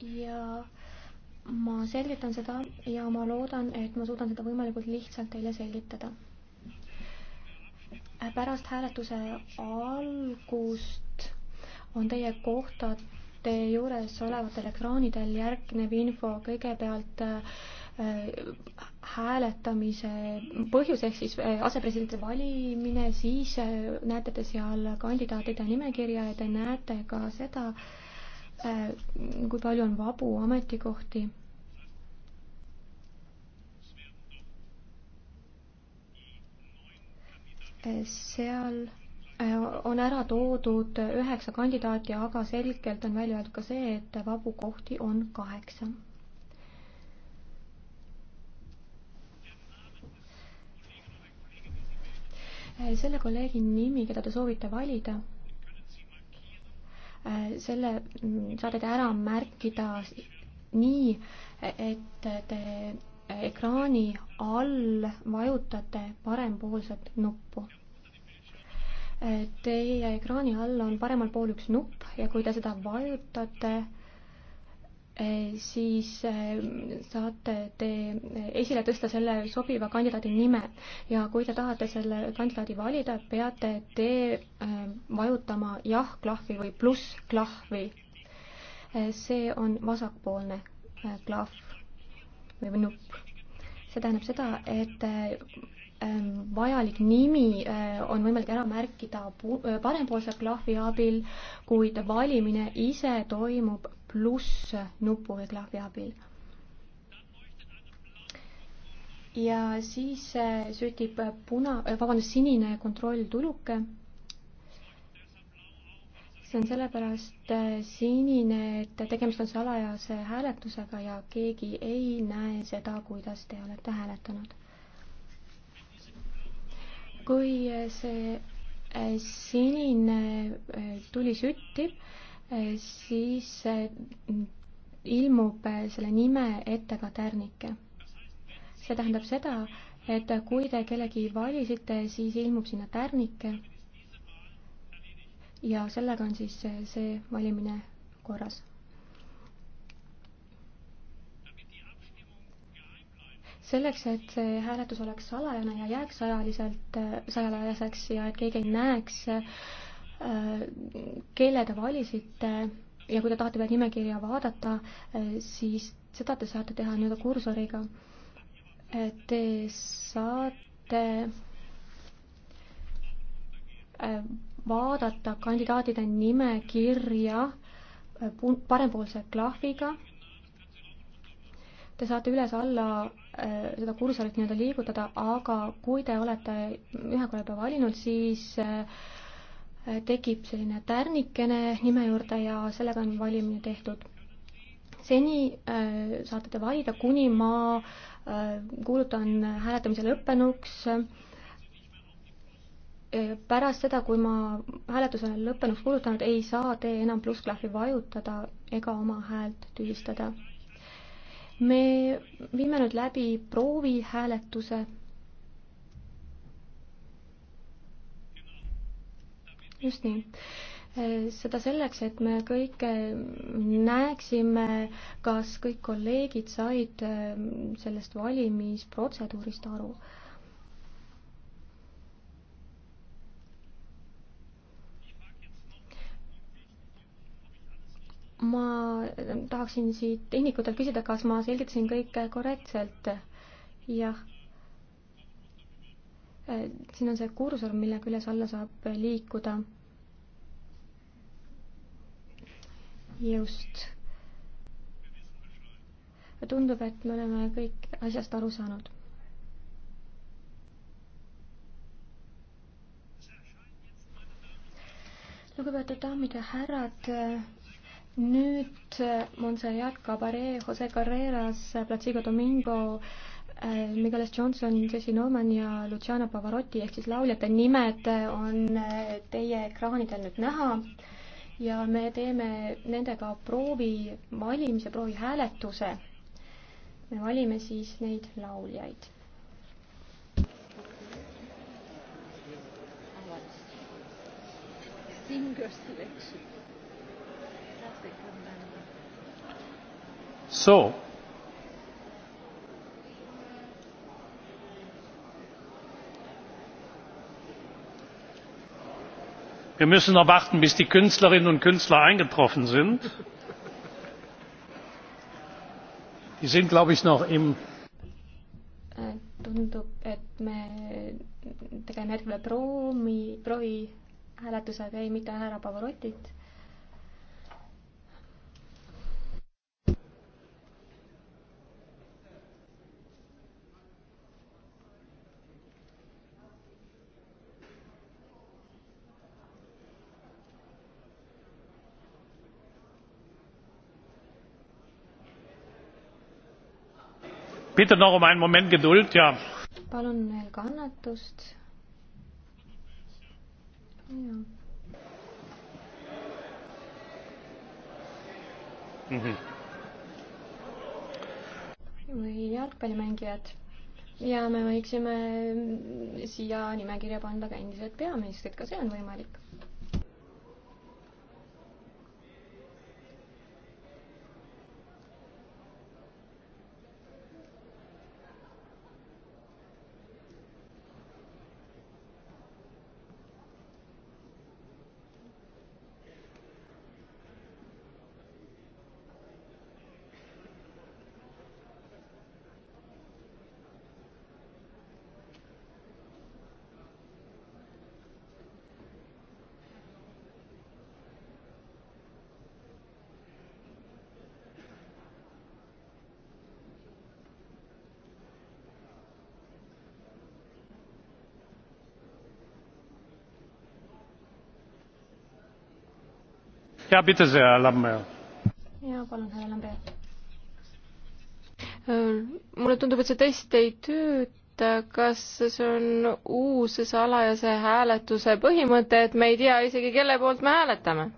ja ma selgitan seda ja ma loodan, et ma suudan seda võimalikult lihtsalt teile selgitada. pärast hääletuse algust on teie kohtade juures olevatel ekraanidel järgnev info kõigepealt äh, hääletamise põhjus ehk siis äh, asepresidendi valimine, siis äh, näete te seal kandidaatide nimekirja ja te näete ka seda, Äh, kui palju on vabu ametikohti. Äh, seal äh, on ära toodud üheksa kandidaati, aga selgelt on välja öeldud ka see, et vabu kohti on kaheksa. selle kolleegi nimi, keda te soovite valida selle saate te ära märkida nii, et te ekraani all vajutate parempoolset nuppu Teie ekraani all on paremal pool üks nupp ja kui te seda vajutate, Eh, siis eh, saate te eh, esile tõsta selle sobiva kandidaadi nime ja kui te tahate selle kandidaadi valida, peate te vajutama jah-klahvi või pluss-klahvi. see on vasakpoolne klahv või nupp. see tähendab seda, et vajalik nimi on võimalik ära märkida parempoolse klahvi abil, kuid valimine ise toimub pluss nupu või klahvi abil. ja siis eh, sütib puna, eh, vabandust, sinine kontroll tuluke. see on sellepärast eh, sinine, et tegemist on salajase hääletusega ja keegi ei näe seda, kuidas te olete hääletanud. kui see sinine tuli süttib siis eh, ilmub eh, selle nime ette ka tärnike. see tähendab seda, et kui te kellegi valisite, siis ilmub sinna tärnike. ja sellega on siis eh, see valimine korras. selleks, et see hääletus oleks salajane ja jääks ajaliselt, salajaseks ja et keegi ei näeks äh, Äh, keele te valisite ja kui te tahate veel nimekirja vaadata, äh, siis seda te saate teha nii-öelda kursoriga. Äh, te saate vaadata kandidaatide nimekirja parempoolse klahviga. Te saate üles-alla seda kursorit nii-öelda liigutada, aga kui te olete ühe korra juba valinud, siis äh, tekib selline tärnikene nime juurde ja sellega on valimine tehtud. seni äh, saate te valida, kuni ma äh, kuulutan hääletamise lõppenuks äh,. pärast seda, kui ma hääletuse olen lõppenuks kuulutanud, ei saa te enam plussklahvi vajutada ega oma häält tühistada. me viime nüüd läbi proovihääletuse just nii äh, seda selleks, et me kõik äh, näeksime, kas kõik kolleegid said äh, sellest valimisprotseduurist aru. ma tahaksin siit tehnikutelt küsida, kas ma selgitasin kõike korrektselt? jah Äh, siin on see kursor, mille küljes alla saab liikuda. just. tundub, et me oleme kõik asjast aru saanud lugupeetud daamid ja härrad, nüüd Monserrat Cabaret, Jose Carreras, Placido Domingo Äh, Michaelis Johnson, Jesse Norman ja Luciana Pavarotti ehk siis lauljate nimed on äh, teie ekraanidel nüüd näha ja me teeme nendega proovi valimise, proovi hääletuse. me valime siis neid lauljaid finger selection. So, wir müssen noch warten bis die künstlerinnen und künstler eingetroffen sind. die sind glaube ich noch im äh, tundub, et me tegeleme hetkel proovi, proovi hääletusega, ei mitte härra Pavlotit bitte noch um einen moment geduld ja. palun veel kannatust. Mhm. või jalgpallimängijad ja me võiksime siia nimekirja panda ka endised peaministrid, ka see on võimalik ja palun härra Lambert. Äh, mulle tundub, et see test ei tööta kas see on uus salajase hääletuse põhimõte, et me ei tea isegi, kelle poolt me hääletame?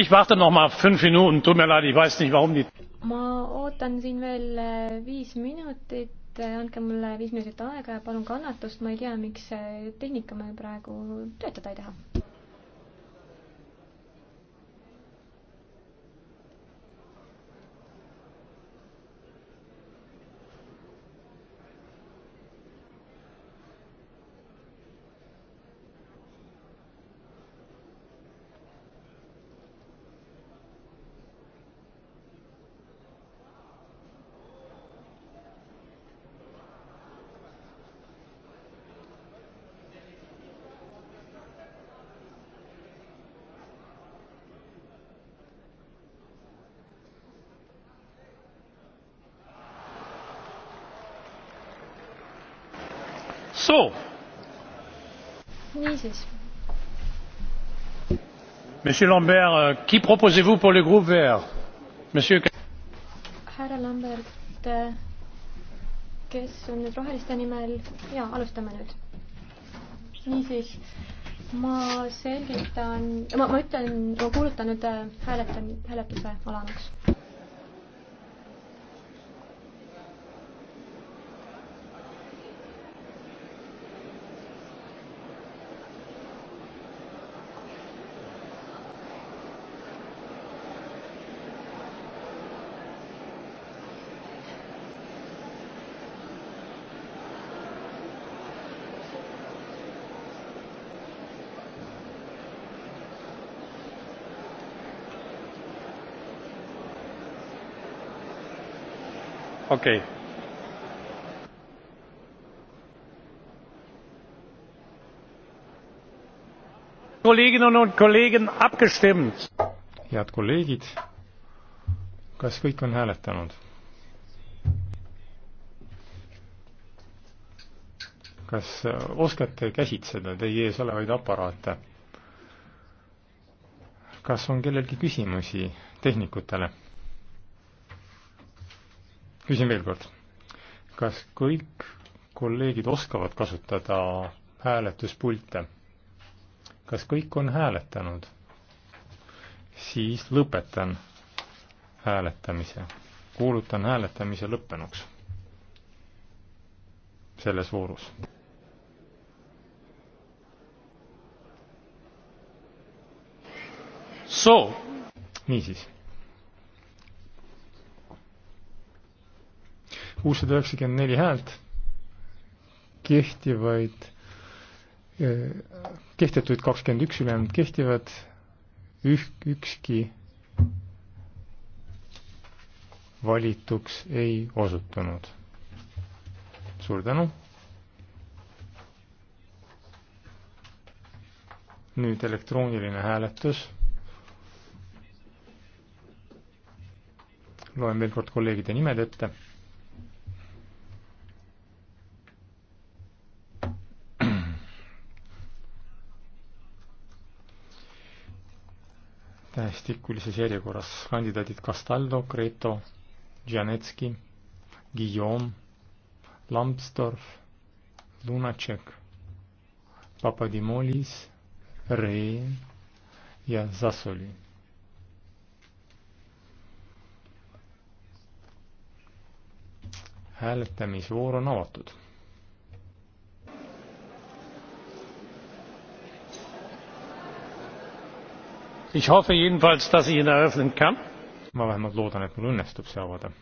ich warte noch mal fünf minuten tut mir leid ich weiß nicht warum die ma ootan siin veel äh, viis minutit äh, andke mulle viis minutit aega ja palun kannatust ma ei tea miks äh, tehnika meil praegu töötada ei taha So. niisiis. Monsieur Lambert, euh, qui proposez-vous pour le groupe vert? Monsieur. härra Lambert, kes on nüüd roheliste nimel ja alustame nüüd. niisiis, ma selgitan, ma, ma ütlen, ma kuulutan nüüd äh, hääletan, hääletuse alanuks. okei okay.. kolleeginnen und kollegen abgestimmt. head kolleegid, kas kõik on hääletanud? kas äh, oskate käsitseda teie ees olevaid aparaate? kas on kellelgi küsimusi tehnikutele? küsin veel kord, kas kõik kolleegid oskavad kasutada hääletuspulte? kas kõik on hääletanud? siis lõpetan hääletamise, kuulutan hääletamise lõppenuks selles voorus. niisiis kuussada üheksakümmend neli häält kehtivaid, kehtetuid kakskümmend üks, ülejäänud kehtivad, üh-, ükski valituks ei osutunud. suur tänu. nüüd elektrooniline hääletus. loen veel kord kolleegide nimed ette tähestikulises järjekorras kandidaadid Castaldo, Greto, Gianetski, Guillaume, Lambsdorff, Lunacek, Papadimolis, Rehn ja Zasoli. hääletamisvoor on avatud ich hoffe jedenfalls dass ich ihn eröffnen kann. ma vähemalt loodan et mul õnnestub see avada.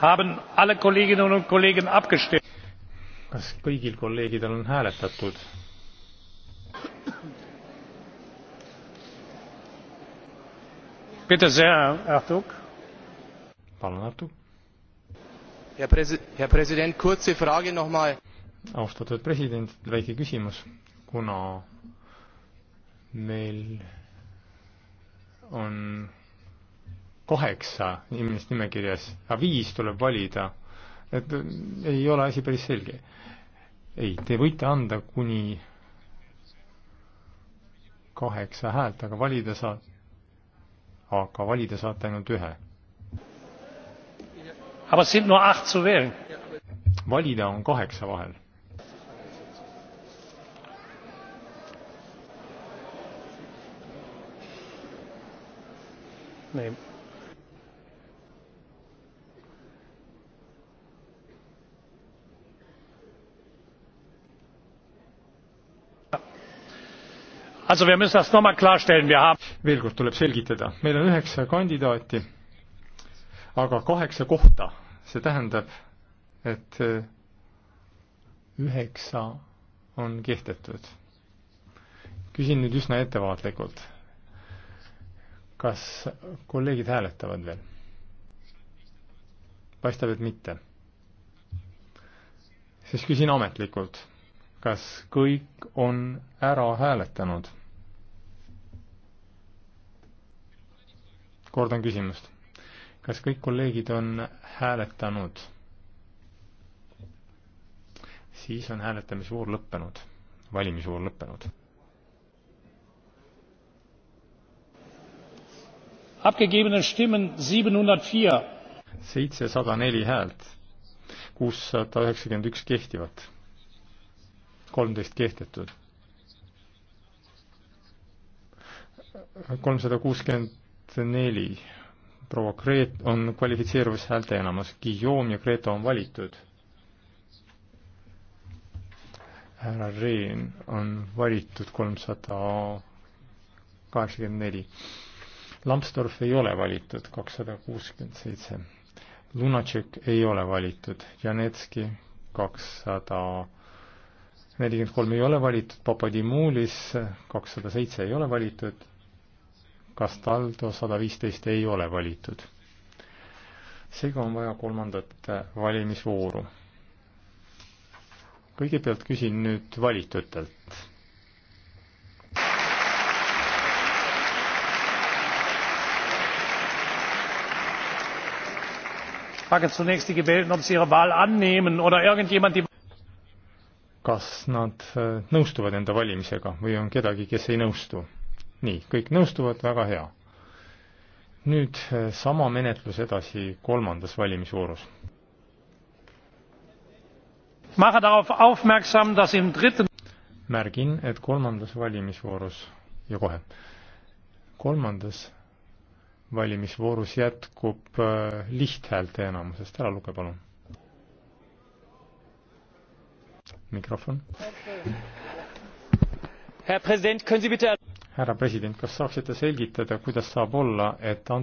haben alle Kolleginnen und Kollegen abgestimmt? Kas kõigil kolleegidel on hääletatud? Bitte sehr, Artug. Palun, Artug. Herr, Präsi Herr Präsident, kurze Frage nochmal. Austatud president, väike küsimus. Kuna meil on kaheksa inimest nimekirjas, aga viis tuleb valida, et ei ole asi päris selge. ei, te võite anda kuni kaheksa häält, aga valida saad, aga valida saate ainult ühe. valida on kaheksa vahel. Nee. veel kord tuleb selgitada, meil on üheksa kandidaati, aga kaheksa kohta, see tähendab, et eh, üheksa on kehtetud. küsin nüüd üsna ettevaatlikult, kas kolleegid hääletavad veel? paistab, et mitte. siis küsin ametlikult, kas kõik on ära hääletanud? kordan küsimust. kas kõik kolleegid on hääletanud? siis on hääletamisvoor lõppenud, valimisvoor lõppenud. abgegebene stimmen siebenhundertvier. seitsesada neli häält, kuussada üheksakümmend üks kehtivat, kolmteist kehtetut kolmsada kuuskümmend neli. proua Kreet on kvalifitseeruvas häälteenamus, Guillaume ja Greta on valitud. härra Rehn on valitud kolmsada kaheksakümmend neli. Lambsdorff ei ole valitud, kakssada kuuskümmend seitse. Lunatšek ei ole valitud, Janetski kakssada nelikümmend kolm ei ole valitud, Papadimulis kakssada seitse ei ole valitud Castaldo sada viisteist ei ole valitud. seega on vaja kolmandat valimisvooru. kõigepealt küsin nüüd valitutelt. frage zunächst die Gewählten, ob sie ihre Wahl annehmen oder irgendjemand die kas nad äh, nõustuvad enda valimisega või on kedagi, kes ei nõustu? nii, kõik nõustuvad, väga hea. nüüd äh, sama menetlus edasi kolmandas valimisvoorus. märgin, et kolmandas valimisvoorus ja kohe, kolmandas valimisvoorus jätkub äh, lihthäälte enamusest, ära luge palun. mikrofon. Herr Präsident, können Sie bitte härra president, kas saaksite selgitada, kuidas saab olla, et ant-,